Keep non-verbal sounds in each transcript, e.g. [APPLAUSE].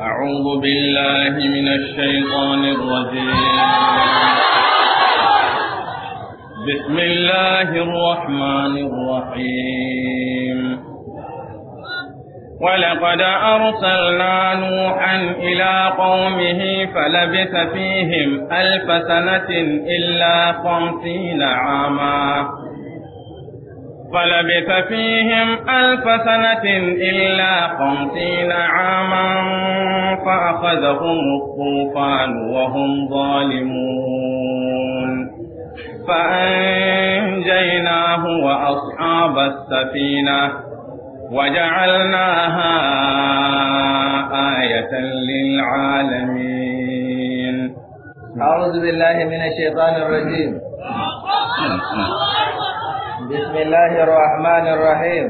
أعوذ بالله من الشيطان الرجيم بسم الله الرحمن الرحيم ولقد أرسلنا نوحا إلى قومه فلبث فيهم ألف سنة إلا خمسين عاماً فلبث فيهم ألف سنة إلا خمسين عاما فأخذهم الطوفان وهم ظالمون فأنجيناه وأصحاب السفينة وجعلناها آية للعالمين أعوذ بالله من الشيطان الرجيم [LAUGHS] Bismillahirrahmanirrahim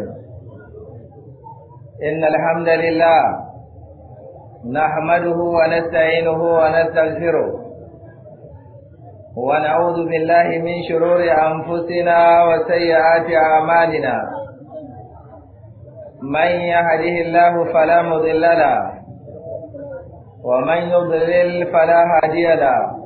Innal hamdalillah nahmaduhu wa nasta'inuhu wa nastaghfiruh wa na'udhu billahi min shururi anfusina wa sayyiati a'malina man yahdihillahu fala mudilla la wa man yudlil fala hadiya lahu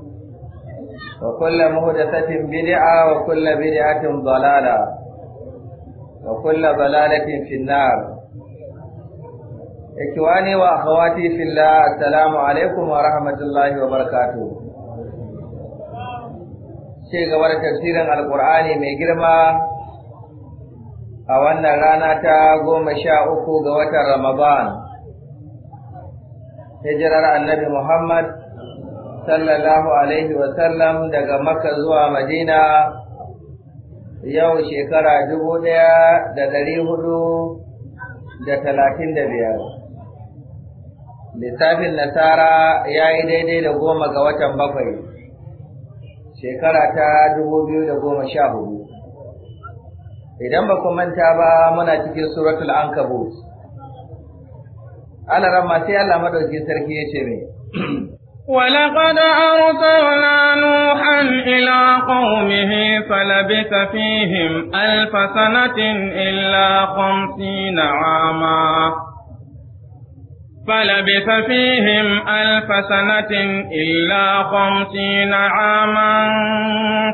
وكل مهدسة بدعة وكل بدعة ضلالة وكل ضلالة في النار إخواني وأخواتي في الله السلام عليكم ورحمة الله وبركاته Ce gabar tafsirin Alƙur'ani mai girma a wannan rana ta goma sha uku ga watan Ramadan, hijirar annabi Muhammad sallallahu alaihi wasallam daga Makka zuwa Madina yau shekara dubu ɗaya da dari hudu da talatin da biyar. Lissafin Nasara ya yi daidai da goma ga watan bakwai, shekara ta dubu biyu da goma sha hudu. Idan ba ku manta ba muna cikin suratul Ankabut. Allah ramma sai Allah maɗauki sarki ya ce mai. ولقد أرسلنا نوحا إلى قومه فلبث فيهم ألف سنة إلا خمسين عاما فلبث فيهم ألف سنة إلا خمسين عاما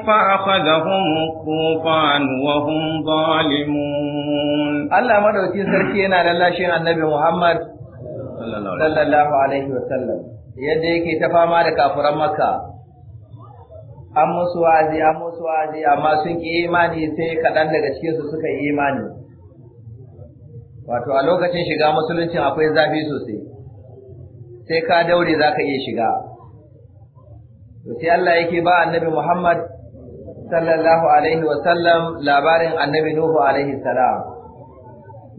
فأخذهم الطوفان وهم ظالمون الله مدعو تنسر كينا لله شيء النبي محمد صلى الله عليه وسلم yadda yake ta fama da kafuran maka. an musu wa'azi an musu wa'azi amma sun ki imani sai kaɗan daga cikinsu suka yi imani wato a lokacin shiga musuluncin akwai zafi sosai sai ka daure za ka iya shiga to sai Allah yake ba annabi Muhammad sallallahu alaihi wa sallam labarin annabi Nuhu alaihi salam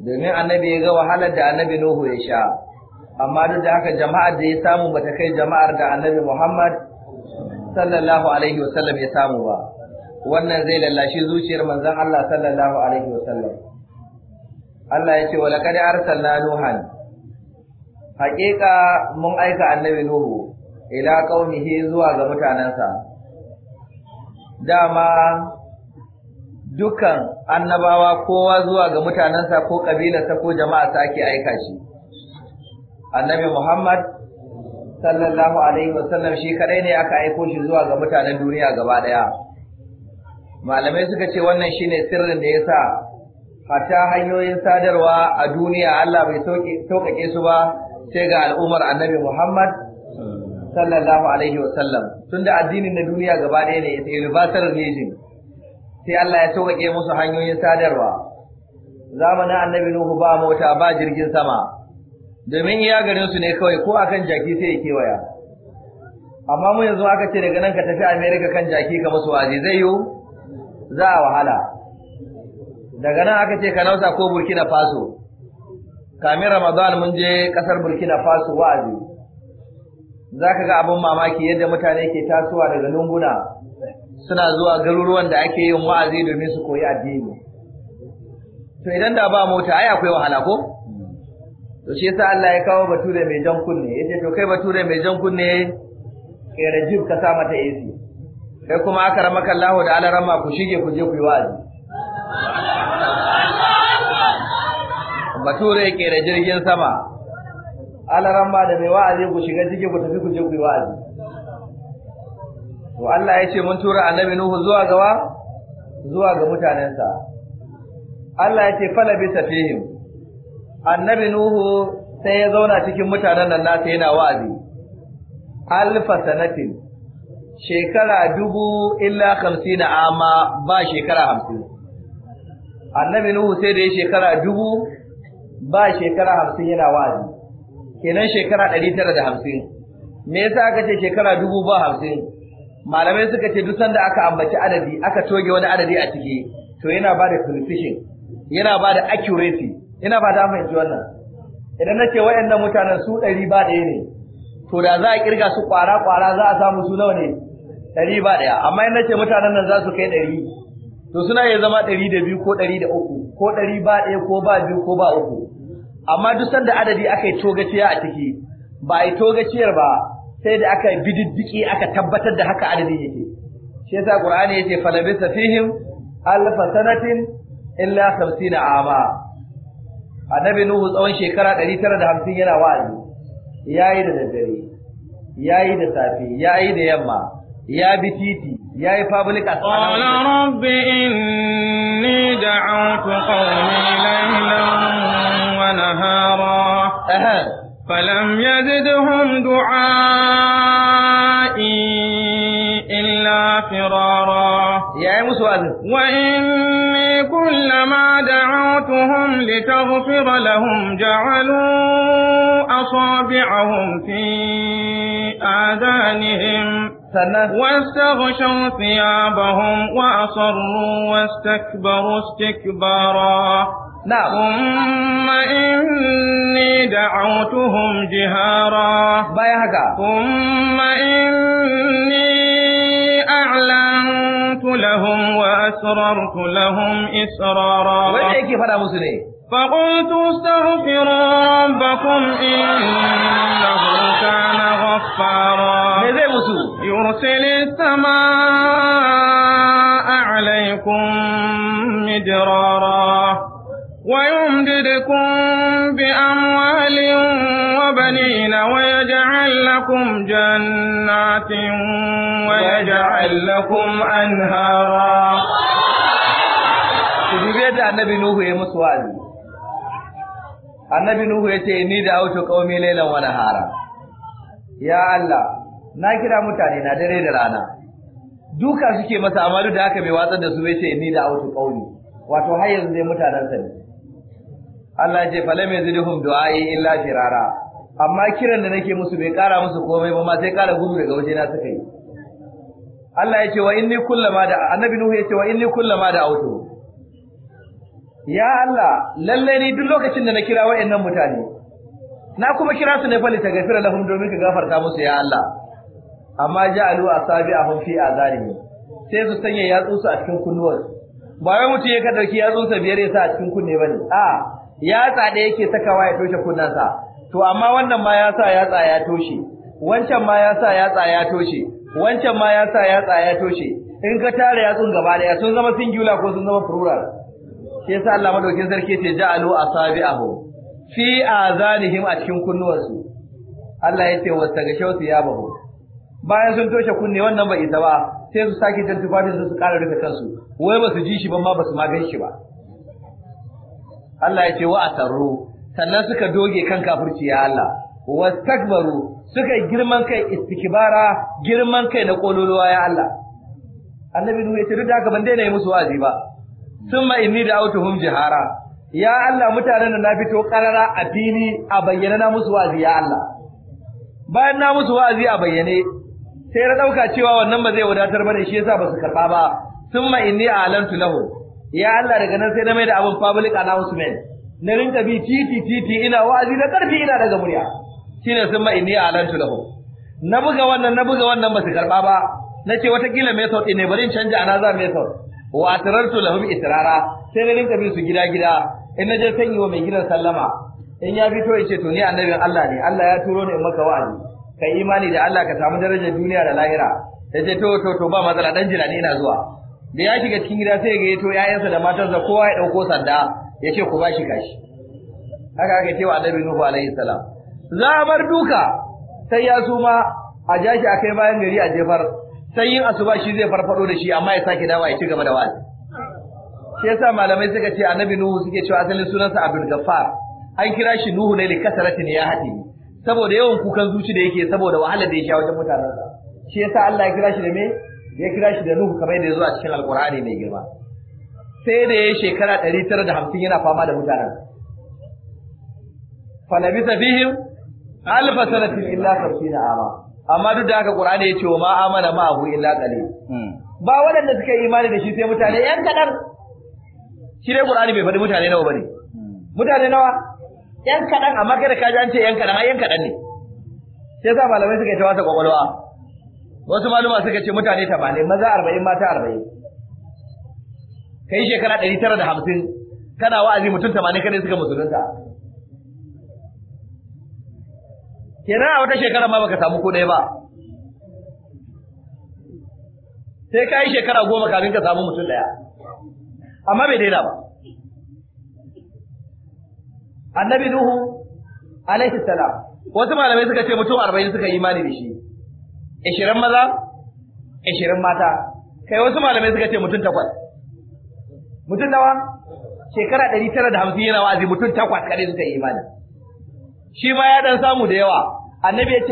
domin annabi ya ga wahalar da annabi Nuhu ya sha amma duk da haka jama'ar da ya samu bata kai jama'ar da annabi Muhammad sallallahu alaihi wasallam ya samu ba wannan zai lallashi zuciyar manzon Allah sallallahu alaihi wasallam Allah ya ce wa laqad arsalna nuhan haƙiƙa mun aika annabi nuhu ila qaumihi zuwa ga mutanansa dama dukan annabawa kowa zuwa ga mutanansa ko kabilarsa ko jama'arsa ake aika shi annabi Muhammad sallallahu alaihi wasallam shi kadai ne aka aiko shi zuwa ga mutanen duniya gaba daya malamai suka ce wannan shine sirrin da yasa hatta hanyoyin sadarwa a duniya Allah bai sauƙaƙe su ba sai ga al'ummar annabi Muhammad sallallahu alaihi wasallam tunda addinin na duniya gaba daya ne ita universal religion sai Allah ya sauƙaƙe musu hanyoyin sadarwa zamanin annabi Nuhu ba mota ba jirgin sama domin iya garinsu ne kawai ko akan jaki sai ya kewaya amma mu yanzu aka ce daga nan ka tafi America kan jaki ka musu waje zai yiwu za a wahala daga nan aka ce ka nausa ko Burkina Faso kamin Ramadan mun je kasar Burkina Faso wa'azi ka ga abin mamaki yadda mutane ke tasowa daga lunguna suna zuwa garuruwan da ake yin wa'azi domin su koyi addini to idan da ba mota ai akwai wahala ko to shi yasa Allah ya kawo bature mai jan kunne yace to kai bature mai jan kunne kai rajib ka sa mata AC kai kuma aka ramaka Allah da alarama ku shige ku je ku yi wa'azi bature ke da jirgin sama alarama da mai wa'azi ku shiga cike ku tafi ku je ku yi wa'azi to Allah ya ce mun tura annabi Nuhu zuwa gawa zuwa ga mutanensa Allah ya ce fala bi tafihim annabi nuhu sai ya zauna cikin mutanen nan nasa yana wa'azi alfa sanatin shekara dubu illa hamsin amma ba shekara hamsin annabi nuhu sai da ya shekara dubu ba shekara hamsin yana wa'azi kenan shekara ɗari tara da hamsin me yasa aka ce shekara dubu ba hamsin malamai suka ce duk sanda aka ambaci adadi aka toge wani adadi a ciki to yana ba da precision yana ba da accuracy ina ba ta fahimci wannan idan na ce waɗannan mutanen su ɗari ba ɗaya ne to da za a kirga su ƙwara ƙwara za a samu su nawa ne ɗari ba ɗaya amma idan na ce mutanen nan za su kai ɗari to suna iya zama ɗari da biyu ko ɗari da uku ko ɗari ba ɗaya ko ba biyu ko ba uku amma duk sanda adadi aka yi togaciya a ciki ba a yi togaciyar ba sai da aka bididdiki aka tabbatar da haka adadi yake shi yasa qur'ani yace falabisa fihim alfa sanatin illa 50 ama annabi nuhu tsawon shekara 950 yana wa'azi yayi da daddare yayi da safe yayi da yamma ya bi titi yayi public a tsawon فلم يزدهم دعائي إلا فرارا يا وإن كلما دعوتهم لتغفر لهم جعلوا أصابعهم في آذانهم واستغشوا ثيابهم وأصروا واستكبروا استكبارا نعم ثم إني دعوتهم جهارا ثم إني وأسررت لهم إسرارا فقلت استغفروا ربكم إنه كان غفارا يرسل السماء عليكم مدرارا ويمددكم بأموال Nuhu ya يجعل لكم أنهارا تجيبيت النبي ni da النبي نوح يتي إني دعوت Ya Allah! Na kira mutane na dare da rana. duka suke masa amma da haka mai watsar da su bai ce ni da autu qauli wato har yanzu dai mutanen sa ne Allah ya ce falam yazidhum du'ai illa firara amma kiran da nake musu bai kara musu komai ba ma sai kara gudu daga waje na suka yi Allah ya ce wa inni kullama da annabi Nuhu ya ce wa inni kullama da auto ya Allah lalle ni duk lokacin da na kira wayannan mutane na kuma kira su ne fa litagfira lahum domin ka gafarta musu ya Allah amma ja'alu asabi'ahum fi azarihim sai su sanya yatsu su a cikin kunnuwar ba wai mutum ya ka dauki yatsun sa biyar ya sa a cikin kunne bane a yatsa da yake sakawa ya toshe kunnansa to amma wannan ma ya sa yatsa ya toshe wancan ma ya sa yatsa ya toshe wancan ma ya sa yatsa ya toshe in ka tare yatsun gaba daya sun zama singular ko sun zama plural sai yasa Allah madaukin sarki ce ja'alu asabi'ahu fi azanihim a cikin kunnuwansu Allah ya ce ya babu bayan sun toshe kunne wannan bai isa ba sai su sake jan tufafin su su ƙara rufe kansu wai ba su ji shi ba ma ba su ma shi ba Allah ya ce wa atarru sannan suka doge kan kafirci ya Allah takbaru suka yi girman kai istikbara girman kai na kololuwa ya Allah annabi nuhu ya ce duk da haka ban daina yi musu wa'azi ba summa inni da'awtuhum jihara ya Allah mutanen da na fito karara a fili a bayyana na musu wa'azi ya Allah bayan na musu wa'azi a bayyane sai na dauka cewa wannan ba zai wadatar ba ne shi yasa ba su karba ba summa inni a'lantu lahu ya Allah daga nan sai na mai da abin public announcement na rinka bi titi titi ina wa'azi da karfi ina daga murya shine sun ma inni alantu lahu na buga wannan na buga wannan ba su karba ba nace watakila method ne bari in canja another method wa atarartu lahum itrara sai na rinka bin su gida gida in naje sanyi wa mai gidan sallama in ya fito ya ce to ni annabin Allah ne Allah ya turo ni in maka wa'azi kai imani da Allah ka samu darajar duniya da lahira yace to to to ba matsala dan jira ne ina zuwa da ya shiga cikin gida sai ya to 'ya'yansa da matarsa kowa ya dauko sanda yace ku shi kashi haka aka ce wa annabi Nuhu alaihi salam Za bar duka sai ya suma a jashi a kai bayan gari a jefar sai yin asuba shi zai farfado da shi amma ya sake dawa ya ci gaba da wa'azi shi yasa malamai suka ce annabi nuhu suke cewa asalin sunansa abdul gaffar an kira shi nuhu ne likasarati ne ya hadi saboda yawan kukan zuci da yake saboda wahala da ya sha wajen mutanensa shi yasa Allah ya kira shi da me ya kira shi da nuhu kamar yadda ya zo a cikin alqur'ani mai girma sai da ya shekara 950 yana fama da mutanen fa labisa fihim alfa sanatin illa kafina ama amma duk da haka qur'ani yace wa ma amana ma abu illa qalil hmm. ba waɗanda suka yi imani da shi sai mutane yan kadar shi dai qur'ani bai faɗi mutane nawa bane hmm. mutane nawa yan kadan amma kada ka ji an ce yan kadan ai yan kadan ne sai sa malamai suka yi ta wasa kwakwalwa wasu maluma suka ce mutane 80 maza 40 mata 40 kai shekara 950 kana wa'azi mutum 80 kadai suka musulunta kenan a wata shekara ma baka samu ko ɗaya ba sai ka yi shekara goma kafin ka samu mutum ɗaya amma bai daina ba annabi nuhu alaihi salam wasu malamai suka ce mutum arba'in suka imani da shi ishirin maza ishirin mata kai wasu malamai suka ce mutum takwas mutum nawa shekara ɗari tara da hamsin yana wa'azi mutum takwas kaɗai suka yi imani shi ma ya ɗan samu da yawa I never